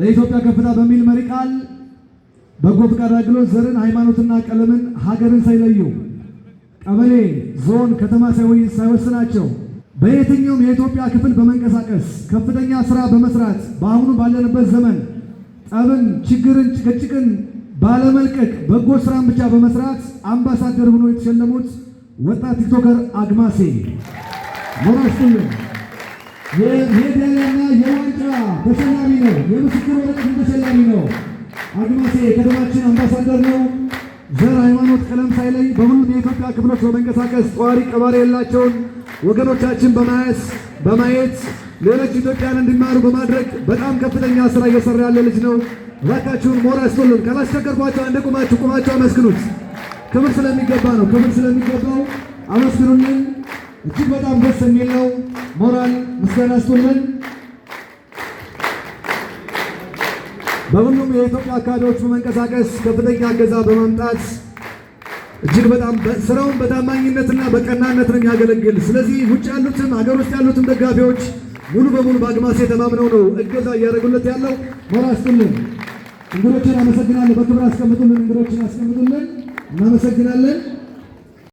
ለኢትዮጵያ ከፍታ በሚል መሪ ቃል በጎ ፈቃድ አገልግሎት ዘርን፣ ሃይማኖትና ቀለምን ሀገርን ሳይለዩ ቀበሌ፣ ዞን፣ ከተማ ሳይወስናቸው በየትኛውም የኢትዮጵያ ክፍል በመንቀሳቀስ ከፍተኛ ስራ በመስራት በአሁኑ ባለንበት ዘመን ጠብን፣ ችግርን፣ ጭቅጭቅን ባለመልቀቅ በጎ ስራን ብቻ በመስራት አምባሳደር ሆኖ የተሸለሙት ወጣት ቲክቶከር አግማሴ ሞራስቱልን የሜዲያና የዋ በሰላሚ ነው። የምስክር ወረቀቱን በሰላሚ ነው። አድማሴ የከተማችን አምባሳደር ነው። ዘር፣ ሃይማኖት፣ ቀለም ሳይለይ በሁሉም የኢትዮጵያ ክፍሎች በመንቀሳቀስ ጠዋሪ ቀባሪ የላቸውን ወገኖቻችን በማያስ በማየት ሌሎች ኢትዮጵያን እንዲማሩ በማድረግ በጣም ከፍተኛ ስራ እየሰራ ያለ ልጅ ነው። እባካችሁን ሞራ ያስቶልን ካላስቸገርኳቸው አንደ ቁማችሁ ቁማችሁ አመስግኑት። ክብር ስለሚገባ ነው። ክብር ስለሚገባው አመስግኑልን። እጅግ በጣም ደስ የሚል ነው። ሞራል ምስጋና ያስቶልን። በሁሉም የኢትዮጵያ አካባቢዎች በመንቀሳቀስ ከፍተኛ እገዛ በማምጣት እጅግ በጣም ስራውን በታማኝነትና በቀናነት ነው የሚያገለግል። ስለዚህ ውጭ ያሉትም ሀገር ውስጥ ያሉትም ደጋፊዎች ሙሉ በሙሉ በአግማሴ ተማምነው ነው እገዛ እያደረጉለት ያለው። መራስትልን አስጥልን። እንግዶችን በክብር አስቀምጡልን። እንግዶችን አስቀምጡልን። እናመሰግናለን።